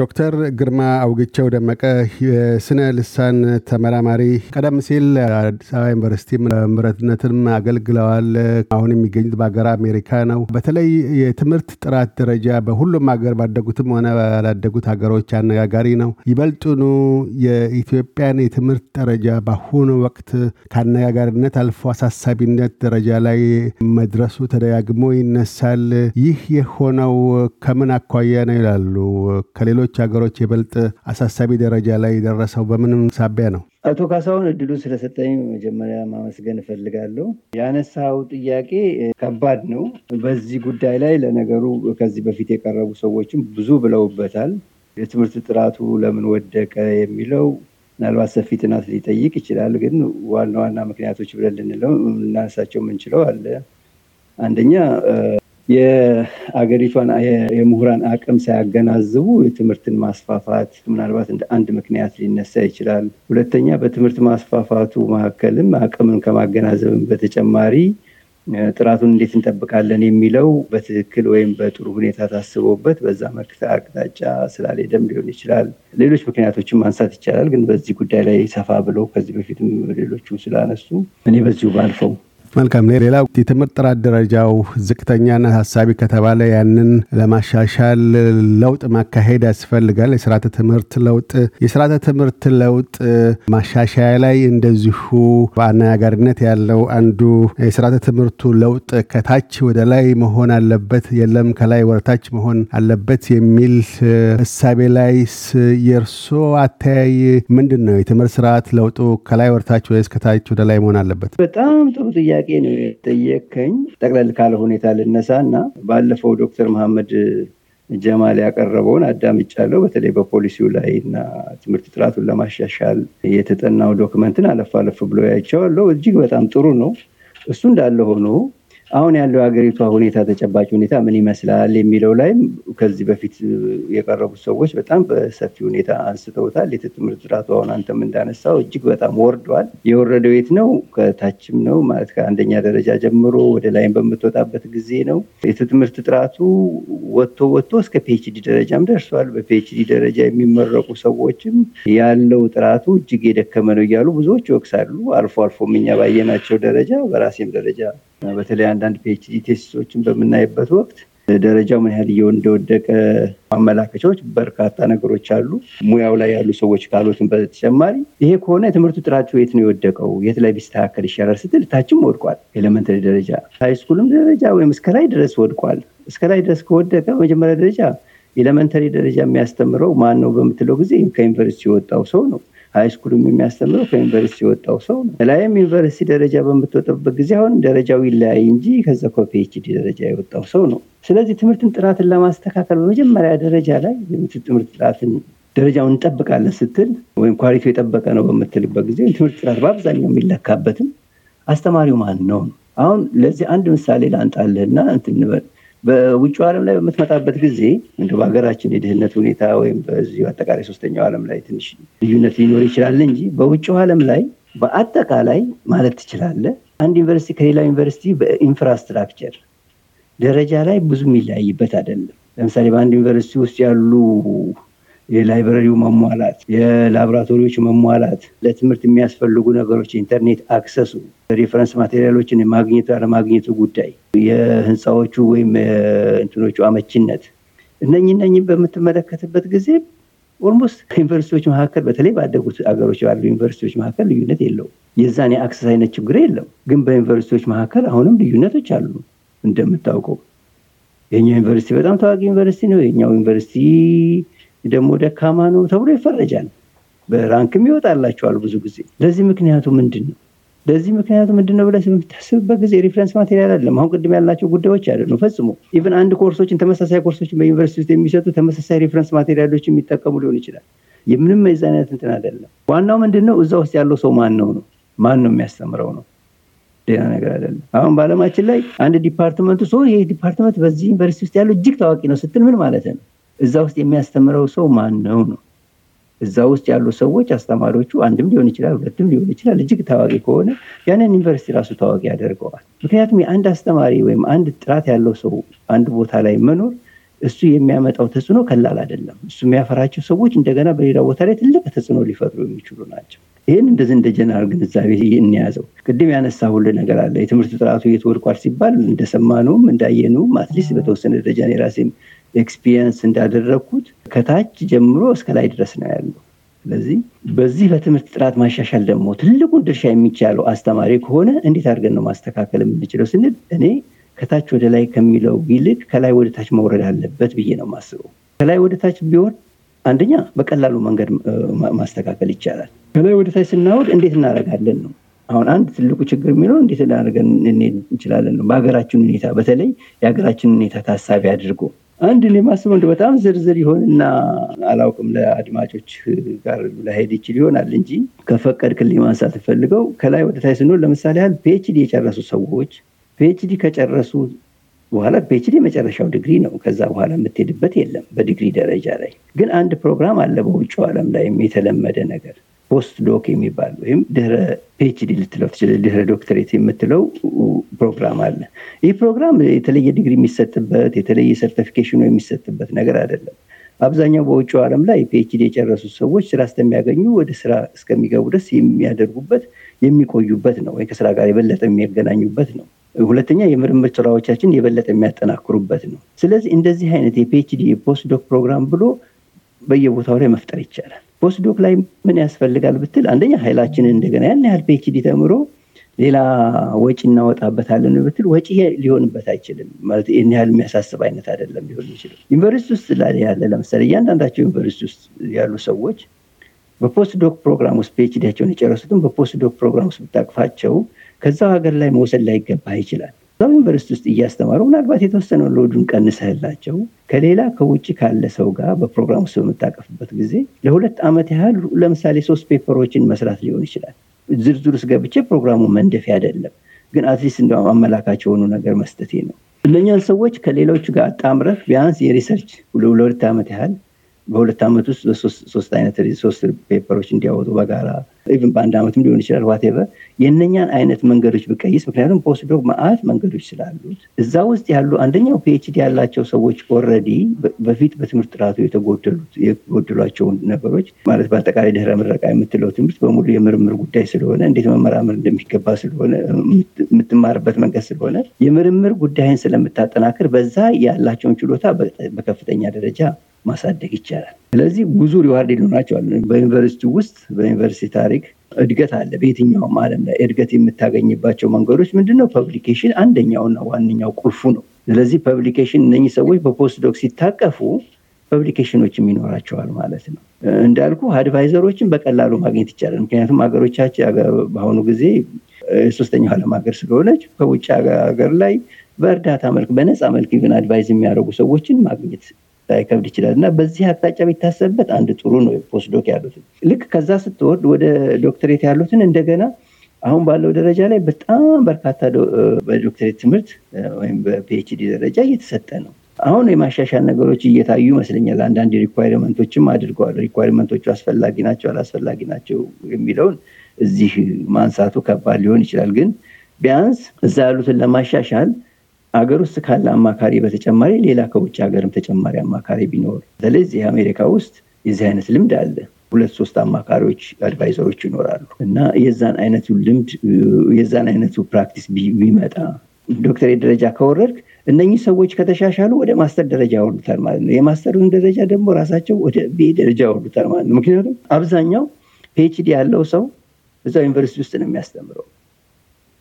ዶክተር ግርማ አውግቸው ደመቀ የስነ ልሳን ተመራማሪ፣ ቀደም ሲል አዲስ አበባ ዩኒቨርሲቲ ምረትነትም አገልግለዋል። አሁን የሚገኙት በሀገር አሜሪካ ነው። በተለይ የትምህርት ጥራት ደረጃ በሁሉም ሀገር ባደጉትም ሆነ ባላደጉት ሀገሮች አነጋጋሪ ነው። ይበልጡኑ የኢትዮጵያን የትምህርት ደረጃ በአሁኑ ወቅት ከአነጋጋሪነት አልፎ አሳሳቢነት ደረጃ ላይ መድረሱ ተደጋግሞ ይነሳል። ይህ የሆነው ከምን አኳያ ነው ይላሉ ከሌሎች ከሌሎች ሀገሮች የበልጥ አሳሳቢ ደረጃ ላይ የደረሰው በምንም ሳቢያ ነው? አቶ ካሳሁን እድሉ ስለሰጠኝ መጀመሪያ ማመስገን እፈልጋለሁ። ያነሳው ጥያቄ ከባድ ነው። በዚህ ጉዳይ ላይ ለነገሩ ከዚህ በፊት የቀረቡ ሰዎችም ብዙ ብለውበታል። የትምህርት ጥራቱ ለምን ወደቀ የሚለው ምናልባት ሰፊ ጥናት ሊጠይቅ ይችላል። ግን ዋና ዋና ምክንያቶች ብለን ልንለው ልናነሳቸው የምንችለው አለ። አንደኛ የአገሪቷን የምሁራን አቅም ሳያገናዝቡ የትምህርትን ማስፋፋት ምናልባት እንደ አንድ ምክንያት ሊነሳ ይችላል። ሁለተኛ በትምህርት ማስፋፋቱ መካከልም አቅምን ከማገናዘብን በተጨማሪ ጥራቱን እንዴት እንጠብቃለን የሚለው በትክክል ወይም በጥሩ ሁኔታ ታስቦበት በዛ መልክት አቅጣጫ ስላልሄደም ሊሆን ይችላል። ሌሎች ምክንያቶችን ማንሳት ይቻላል፣ ግን በዚህ ጉዳይ ላይ ሰፋ ብለው ከዚህ በፊትም ሌሎቹ ስላነሱ እኔ በዚሁ ባልፈው መልካም። ሌላ የትምህርት ጥራት ደረጃው ዝቅተኛና ሀሳቢ ከተባለ ያንን ለማሻሻል ለውጥ ማካሄድ ያስፈልጋል። የስርዓተ ትምህርት ለውጥ የስርዓተ ትምህርት ለውጥ ማሻሻያ ላይ እንደዚሁ በአነጋጋሪነት ያለው አንዱ የስርዓተ ትምህርቱ ለውጥ ከታች ወደ ላይ መሆን አለበት፣ የለም ከላይ ወደታች መሆን አለበት የሚል እሳቤ ላይ የእርሶ አተያይ ምንድን ነው? የትምህርት ስርዓት ለውጡ ከላይ ወደ ወይስ ከታች ወደ ላይ መሆን አለበት? በጣም ጥሩ ጥያቄ ጥያቄ ነው የጠየከኝ። ጠቅለል ካለ ሁኔታ ልነሳ እና ባለፈው ዶክተር መሐመድ ጀማል ያቀረበውን አዳምጫለሁ። በተለይ በፖሊሲው ላይ እና ትምህርት ጥራቱን ለማሻሻል የተጠናው ዶክመንትን አለፍ አለፍ ብሎ ያይቸዋለሁ። እጅግ በጣም ጥሩ ነው። እሱ እንዳለ ሆኖ አሁን ያለው የሀገሪቷ ሁኔታ ተጨባጭ ሁኔታ ምን ይመስላል የሚለው ላይም ከዚህ በፊት የቀረቡት ሰዎች በጣም በሰፊ ሁኔታ አንስተውታል። የትምህርት ጥራቱ አሁን አንተም እንዳነሳው እጅግ በጣም ወርዷል። የወረደው የት ነው? ከታችም ነው ማለት ከአንደኛ ደረጃ ጀምሮ ወደ ላይም በምትወጣበት ጊዜ ነው። የትምህርት ጥራቱ ወጥቶ ወጥቶ እስከ ፒኤችዲ ደረጃም ደርሷል። በፒኤችዲ ደረጃ የሚመረቁ ሰዎችም ያለው ጥራቱ እጅግ የደከመ ነው እያሉ ብዙዎች ይወቅሳሉ። አልፎ አልፎ እኛ ባየናቸው ደረጃ በራሴም ደረጃ በተለይ አንዳንድ ፒኤችዲ ቴስቶችን በምናይበት ወቅት ደረጃው ምን ያህል እንደወደቀ ማመላከቻዎች በርካታ ነገሮች አሉ። ሙያው ላይ ያሉ ሰዎች ካሉትን በተጨማሪ ይሄ ከሆነ የትምህርቱ ጥራት የት ነው የወደቀው፣ የት ላይ ቢስተካከል ይሻላል ስትል ታችም ወድቋል። ኤሌመንተሪ ደረጃ፣ ሃይስኩልም ደረጃ ወይም እስከላይ ድረስ ወድቋል። እስከላይ ድረስ ከወደቀ በመጀመሪያ ደረጃ ኤሌመንተሪ ደረጃ የሚያስተምረው ማን ነው በምትለው ጊዜ ከዩኒቨርሲቲ የወጣው ሰው ነው። ሃይስኩልም የሚያስተምረው ከዩኒቨርሲቲ የወጣው ሰው ነው። ላይም ዩኒቨርሲቲ ደረጃ በምትወጣበት ጊዜ አሁን ደረጃው ይለያይ እንጂ ከዛ ከፒኤችዲ ደረጃ የወጣው ሰው ነው። ስለዚህ ትምህርትን ጥራትን ለማስተካከል በመጀመሪያ ደረጃ ላይ ትምህርት ጥራትን ደረጃውን እንጠብቃለን ስትል ወይም ኳሊቲ የጠበቀ ነው በምትልበት ጊዜ ትምህርት ጥራት በአብዛኛው የሚለካበትም አስተማሪው ማን ነው። አሁን ለዚህ አንድ ምሳሌ ላንጣልህና እንትን እንበል በውጭ ዓለም ላይ በምትመጣበት ጊዜ እንደ በሀገራችን የድህነት ሁኔታ ወይም በዚሁ አጠቃላይ ሶስተኛው ዓለም ላይ ትንሽ ልዩነት ሊኖር ይችላል እንጂ በውጭ ዓለም ላይ በአጠቃላይ ማለት ትችላለ። አንድ ዩኒቨርሲቲ ከሌላ ዩኒቨርሲቲ በኢንፍራስትራክቸር ደረጃ ላይ ብዙ የሚለያይበት አይደለም። ለምሳሌ በአንድ ዩኒቨርሲቲ ውስጥ ያሉ የላይብረሪው መሟላት፣ የላቦራቶሪዎች መሟላት፣ ለትምህርት የሚያስፈልጉ ነገሮች ኢንተርኔት አክሰሱ፣ ሪፈረንስ ማቴሪያሎችን የማግኘቱ አለማግኘቱ ጉዳይ፣ የህንፃዎቹ ወይም እንትኖቹ አመቺነት እነኝ እነኝም በምትመለከትበት ጊዜ ኦልሞስት ከዩኒቨርሲቲዎች መካከል በተለይ ባደጉት አገሮች ባሉ ዩኒቨርሲቲዎች መካከል ልዩነት የለው የዛን የአክሰስ አይነት ችግር የለም። ግን በዩኒቨርሲቲዎች መካከል አሁንም ልዩነቶች አሉ እንደምታውቀው የኛው ዩኒቨርሲቲ በጣም ታዋቂ ዩኒቨርሲቲ ነው። የኛው ዩኒቨርሲቲ ደግሞ ደካማ ነው ተብሎ ይፈረጃል። በራንክም ይወጣላቸዋል ብዙ ጊዜ። ለዚህ ምክንያቱ ምንድን ነው? ለዚህ ምክንያቱ ምንድን ነው ብለህ ጊዜ ሪፍረንስ ማቴሪያል አለም። አሁን ቅድም ያላቸው ጉዳዮች አይደሉም ፈጽሞ። ኢቨን አንድ ኮርሶችን ተመሳሳይ ኮርሶችን በዩኒቨርሲቲ ውስጥ የሚሰጡ ተመሳሳይ ሪፍረንስ ማቴሪያሎች የሚጠቀሙ ሊሆን ይችላል። የምንም የዛን አይነት እንትን አይደለም። ዋናው ምንድን ነው? እዛ ውስጥ ያለው ሰው ማን ነው ነው ማን ነው የሚያስተምረው ነው ሌላ ነገር አይደለም። አሁን በዓለማችን ላይ አንድ ዲፓርትመንቱ ሰው ይህ ዲፓርትመንት በዚህ ዩኒቨርሲቲ ውስጥ ያለው እጅግ ታዋቂ ነው ስትል ምን ማለት ነው? እዛ ውስጥ የሚያስተምረው ሰው ማን ነው ነው። እዛ ውስጥ ያሉ ሰዎች አስተማሪዎቹ አንድም ሊሆን ይችላል፣ ሁለትም ሊሆን ይችላል። እጅግ ታዋቂ ከሆነ ያንን ዩኒቨርሲቲ ራሱ ታዋቂ ያደርገዋል። ምክንያቱም የአንድ አስተማሪ ወይም አንድ ጥራት ያለው ሰው አንድ ቦታ ላይ መኖር እሱ የሚያመጣው ተጽዕኖ ቀላል አይደለም። እሱ የሚያፈራቸው ሰዎች እንደገና በሌላ ቦታ ላይ ትልቅ ተጽዕኖ ሊፈጥሩ የሚችሉ ናቸው። ይህን እንደዚህ እንደ ጀነራል ግንዛቤ እንያዘው። ቅድም ያነሳ ሁሉ ነገር አለ። የትምህርት ጥራቱ የት ሲባል እንደሰማነውም እንዳየነውም አትሊስት በተወሰነ ደረጃ የራሴም ኤክስፒሪየንስ እንዳደረግኩት ከታች ጀምሮ እስከ ላይ ድረስ ነው ያለው። ስለዚህ በዚህ በትምህርት ጥራት ማሻሻል ደግሞ ትልቁን ድርሻ የሚቻለው አስተማሪ ከሆነ እንዴት አድርገን ነው ማስተካከል የምንችለው ስንል እኔ ከታች ወደ ላይ ከሚለው ይልቅ ከላይ ወደ ታች መውረድ አለበት ብዬ ነው የማስበው። ከላይ ወደ ታች ቢሆን አንደኛ በቀላሉ መንገድ ማስተካከል ይቻላል። ከላይ ወደ ታች ስናወርድ እንዴት እናደርጋለን ነው አሁን አንድ ትልቁ ችግር የሚለው እንዴት እናደርገን እንችላለን ነው። በሀገራችን ሁኔታ በተለይ የሀገራችን ሁኔታ ታሳቢ አድርጎ አንድ የማስበው እንደ በጣም ዝርዝር ይሆንና አላውቅም፣ ለአድማጮች ጋር ላሄድ ይችል ይሆናል እንጂ ከፈቀድክልኝ ማንሳት ፈልገው ከላይ ወደ ታች ስንሆን ለምሳሌ ያህል ፒኤችዲ የጨረሱ ሰዎች ፒኤችዲ ከጨረሱ በኋላ ፒኤችዲ የመጨረሻው ዲግሪ ነው። ከዛ በኋላ የምትሄድበት የለም። በዲግሪ ደረጃ ላይ ግን አንድ ፕሮግራም አለ በውጭ ዓለም ላይም የተለመደ ነገር ፖስት ዶክ የሚባል ወይም ድረ ፒችዲ ልትለው ትችል ድረ ዶክተሬት የምትለው ፕሮግራም አለ። ይህ ፕሮግራም የተለየ ዲግሪ የሚሰጥበት የተለየ ሰርቲፊኬሽን የሚሰጥበት ነገር አይደለም። አብዛኛው በውጭ አለም ላይ ፒችዲ የጨረሱ ሰዎች ስራ ስለሚያገኙ ወደ ስራ እስከሚገቡ ደስ የሚያደርጉበት የሚቆዩበት ነው፣ ወይ ከስራ ጋር የበለጠ የሚያገናኙበት ነው። ሁለተኛ የምርምር ስራዎቻችን የበለጠ የሚያጠናክሩበት ነው። ስለዚህ እንደዚህ አይነት የፒኤችዲ ዶክ ፕሮግራም ብሎ በየቦታው ላይ መፍጠር ይቻላል። ፖስዶክ ላይ ምን ያስፈልጋል ብትል አንደኛ ኃይላችንን እንደገና ያን ያህል ፒኤችዲ ተምሮ ሌላ ወጪ እናወጣበታለን ብትል ወጪ ሊሆንበት አይችልም። ማለት ይህን ያህል የሚያሳስብ አይነት አይደለም ሊሆን ይችላል። ዩኒቨርሲቲ ውስጥ ላይ ያለ ለምሳሌ እያንዳንዳቸው ዩኒቨርሲቲ ውስጥ ያሉ ሰዎች በፖስትዶክ ፕሮግራም ውስጥ ፒኤችዲያቸውን የጨረሱትም በፖስትዶክ ፕሮግራም ውስጥ ብታቅፋቸው ከዛው ሀገር ላይ መውሰድ ላይገባ ይችላል። እዛም ዩኒቨርስቲ ውስጥ እያስተማሩ ምናልባት የተወሰነ ሎዱን ቀንሰህላቸው ከሌላ ከውጭ ካለ ሰው ጋር በፕሮግራም ውስጥ በምታቀፍበት ጊዜ ለሁለት ዓመት ያህል ለምሳሌ ሶስት ፔፐሮችን መስራት ሊሆን ይችላል። ዝርዝር ውስጥ ገብቼ ፕሮግራሙ መንደፊ አይደለም፣ ግን አትሊስት እንደ አመላካች የሆኑ ነገር መስጠቴ ነው። እነኛን ሰዎች ከሌሎቹ ጋር አጣምረህ ቢያንስ የሪሰርች ለሁለት ዓመት ያህል በሁለት ዓመት ውስጥ ሶስት አይነት ሶስት ፔፐሮች እንዲያወጡ በጋራ ኢቭን በአንድ ዓመትም ሊሆን ይችላል ዋቴቨር የነኛን አይነት መንገዶች ብቀይስ ምክንያቱም ፖስትዶክ ማአት መንገዶች ስላሉት እዛ ውስጥ ያሉ አንደኛው ፒኤችዲ ያላቸው ሰዎች ኦረዲ በፊት በትምህርት ጥራቱ የተጎደሉት የጎደሏቸውን ነገሮች ማለት በአጠቃላይ ድህረ ምረቃ የምትለው ትምህርት በሙሉ የምርምር ጉዳይ ስለሆነ እንዴት መመራመር እንደሚገባ ስለሆነ የምትማርበት መንገድ ስለሆነ የምርምር ጉዳይን ስለምታጠናክር በዛ ያላቸውን ችሎታ በከፍተኛ ደረጃ ማሳደግ ይቻላል። ስለዚህ ብዙ ሪዋርድ ሊሆናቸዋል በዩኒቨርሲቲ ውስጥ በዩኒቨርሲቲ ታሪክ እድገት አለ። በየትኛውም ዓለም ላይ እድገት የምታገኝባቸው መንገዶች ምንድነው ፐብሊኬሽን አንደኛውና ዋነኛው ቁልፉ ነው። ስለዚህ ፐብሊኬሽን እነኚህ ሰዎች በፖስትዶክ ሲታቀፉ ፐብሊኬሽኖችም ይኖራቸዋል ማለት ነው። እንዳልኩ አድቫይዘሮችን በቀላሉ ማግኘት ይቻላል። ምክንያቱም ሀገሮቻችን በአሁኑ ጊዜ የሶስተኛው ዓለም ሀገር ስለሆነች ከውጭ ሀገር ላይ በእርዳታ መልክ በነፃ መልክ ይህን አድቫይዝ የሚያደርጉ ሰዎችን ማግኘት ላይከብድ ይችላል እና በዚህ አቅጣጫ ቢታሰብበት አንድ ጥሩ ነው። ፖስዶክ ያሉትን ልክ ከዛ ስትወርድ ወደ ዶክትሬት ያሉትን እንደገና አሁን ባለው ደረጃ ላይ በጣም በርካታ በዶክትሬት ትምህርት ወይም በፒኤችዲ ደረጃ እየተሰጠ ነው። አሁን የማሻሻል ነገሮች እየታዩ ይመስለኛል። አንዳንድ ሪኳርመንቶችም አድርገዋል። ሪኳርመንቶቹ አስፈላጊ ናቸው አላስፈላጊ ናቸው የሚለውን እዚህ ማንሳቱ ከባድ ሊሆን ይችላል። ግን ቢያንስ እዛ ያሉትን ለማሻሻል አገር ውስጥ ካለ አማካሪ በተጨማሪ ሌላ ከውጭ ሀገርም ተጨማሪ አማካሪ ቢኖር ስለዚህ አሜሪካ ውስጥ የዚህ አይነት ልምድ አለ። ሁለት ሶስት አማካሪዎች አድቫይዘሮች ይኖራሉ እና የዛን አይነቱ ልምድ የዛን አይነቱ ፕራክቲስ ቢመጣ ዶክተሬት ደረጃ ከወረድክ እነኚህ ሰዎች ከተሻሻሉ ወደ ማስተር ደረጃ ያወርዱታል ማለት ነው። የማስተሩን ደረጃ ደግሞ ራሳቸው ወደ ቢ ደረጃ ያወርዱታል ማለት ነው። ምክንያቱም አብዛኛው ፒኤችዲ ያለው ሰው እዛ ዩኒቨርሲቲ ውስጥ ነው የሚያስተምረው።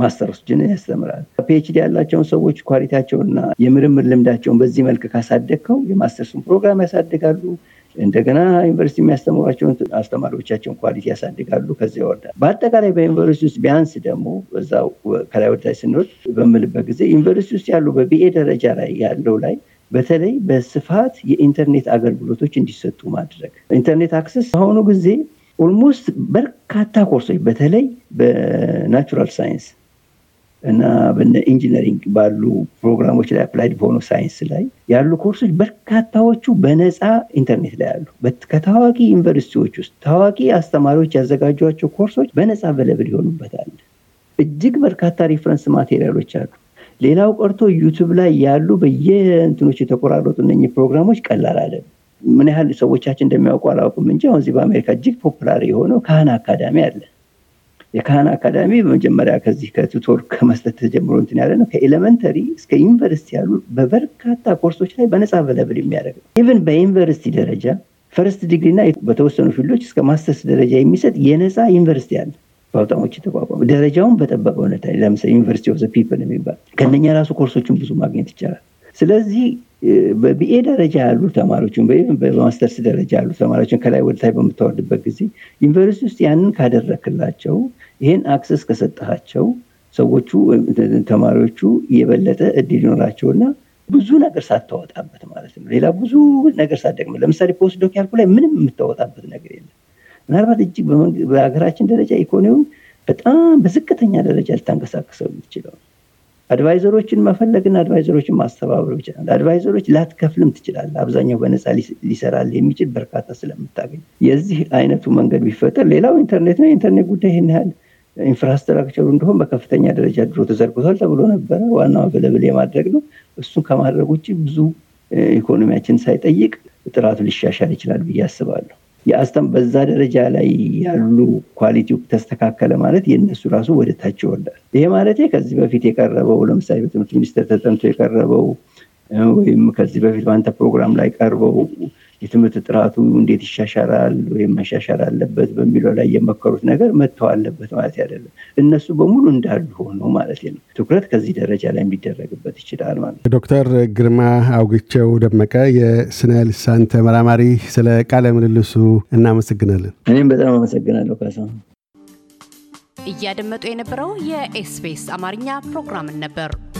ማስተርሶችን ያስተምራል። ፒኤችዲ ያላቸውን ሰዎች ኳሊቲያቸውንና የምርምር ልምዳቸውን በዚህ መልክ ካሳደግከው የማስተርሱን ፕሮግራም ያሳድጋሉ። እንደገና ዩኒቨርሲቲ የሚያስተምሯቸውን አስተማሪዎቻቸውን ኳሊቲ ያሳድጋሉ። ከዚያ ይወርዳል። በአጠቃላይ በዩኒቨርሲቲ ውስጥ ቢያንስ ደግሞ በዛው ከላይ ወደታች ስንወርድ በምልበት ጊዜ ዩኒቨርሲቲ ውስጥ ያሉ በቢኤ ደረጃ ላይ ያለው ላይ በተለይ በስፋት የኢንተርኔት አገልግሎቶች እንዲሰጡ ማድረግ ኢንተርኔት አክሰስ በአሁኑ ጊዜ ኦልሞስት በርካታ ኮርሶች በተለይ በናቹራል ሳይንስ እና በነ ኢንጂነሪንግ ባሉ ፕሮግራሞች ላይ አፕላይድ በሆኑ ሳይንስ ላይ ያሉ ኮርሶች በርካታዎቹ በነፃ ኢንተርኔት ላይ አሉ። ከታዋቂ ዩኒቨርሲቲዎች ውስጥ ታዋቂ አስተማሪዎች ያዘጋጇቸው ኮርሶች በነፃ አቬለብል ይሆኑበታል። እጅግ በርካታ ሪፈረንስ ማቴሪያሎች አሉ። ሌላው ቀርቶ ዩቱብ ላይ ያሉ በየእንትኖች የተቆራረጡ እነ ፕሮግራሞች ቀላል አለም ምን ያህል ሰዎቻችን እንደሚያውቁ አላውቅም እንጂ አሁን እዚህ በአሜሪካ እጅግ ፖፑላር የሆነው ካህን አካዳሚ አለ። የካህን አካዳሚ በመጀመሪያ ከዚህ ከቱቶር ከመስጠት ተጀምሮ እንትን ያለ ነው። ከኤሌመንተሪ እስከ ዩኒቨርሲቲ ያሉ በበርካታ ኮርሶች ላይ በነፃ በለብል የሚያደርግ ነው። ኢቨን በዩኒቨርሲቲ ደረጃ ፈርስት ዲግሪና በተወሰኑ ፊልዶች እስከ ማስተርስ ደረጃ የሚሰጥ የነፃ ዩኒቨርሲቲ አለ። በአውጣሞች የተቋቋመ ደረጃውን በጠበቀ ሁኔታ ለምሳሌ ዩኒቨርሲቲ ኦፍ ፒፕል የሚባል ከነኛ ራሱ ኮርሶችን ብዙ ማግኘት ይቻላል። ስለዚህ በቢኤ ደረጃ ያሉ ተማሪዎችን በማስተርስ ደረጃ ያሉ ተማሪዎችን ከላይ ወደታይ በምታወርድበት ጊዜ ዩኒቨርሲቲ ውስጥ ያንን ካደረክላቸው ይህን አክሰስ ከሰጠሃቸው ሰዎቹ ተማሪዎቹ የበለጠ እድል ይኖራቸውና ብዙ ነገር ሳታወጣበት ማለት ነው። ሌላ ብዙ ነገር ሳትደግም ለምሳሌ ፖስት ዶክ ያልኩ ላይ ምንም የምታወጣበት ነገር የለም። ምናልባት እጅግ በሀገራችን ደረጃ ኢኮኖሚ በጣም በዝቅተኛ ደረጃ ልታንቀሳቀሰው የምትችለው አድቫይዘሮችን መፈለግና አድቫይዘሮችን ማስተባበር ይችላል። አድቫይዘሮች ላትከፍልም ትችላል። አብዛኛው በነፃ ሊሰራል የሚችል በርካታ ስለምታገኝ የዚህ አይነቱ መንገድ ቢፈጠር። ሌላው ኢንተርኔት ነው። የኢንተርኔት ጉዳይ ይህን ያህል ኢንፍራስትራክቸሩ እንደሆን በከፍተኛ ደረጃ ድሮ ተዘርግቷል ተብሎ ነበረ። ዋናው አቬለብል የማድረግ ነው። እሱን ከማድረግ ውጭ ብዙ ኢኮኖሚያችን ሳይጠይቅ ጥራቱ ሊሻሻል ይችላል ብዬ አስባለሁ። የአስተም በዛ ደረጃ ላይ ያሉ ኳሊቲው ተስተካከለ ማለት የእነሱ ራሱ ወደ ታች ይወርዳል። ይሄ ማለት ከዚህ በፊት የቀረበው ለምሳሌ በትምህርት ሚኒስቴር ተጠንቶ የቀረበው ወይም ከዚህ በፊት በአንተ ፕሮግራም ላይ ቀርበው የትምህርት ጥራቱ እንዴት ይሻሻላል ወይም መሻሻል አለበት በሚለው ላይ የመከሩት ነገር መተው አለበት ማለት አይደለም። እነሱ በሙሉ እንዳሉ ሆነው ማለት ነው። ትኩረት ከዚህ ደረጃ ላይ የሚደረግበት ይችላል ማለት ነው። ዶክተር ግርማ አውግቸው ደመቀ የስነ ልሳን ተመራማሪ፣ ስለ ቃለ ምልልሱ እናመሰግናለን። እኔም በጣም አመሰግናለሁ ካሳሁን። እያደመጡ የነበረው የኤስቢኤስ አማርኛ ፕሮግራምን ነበር።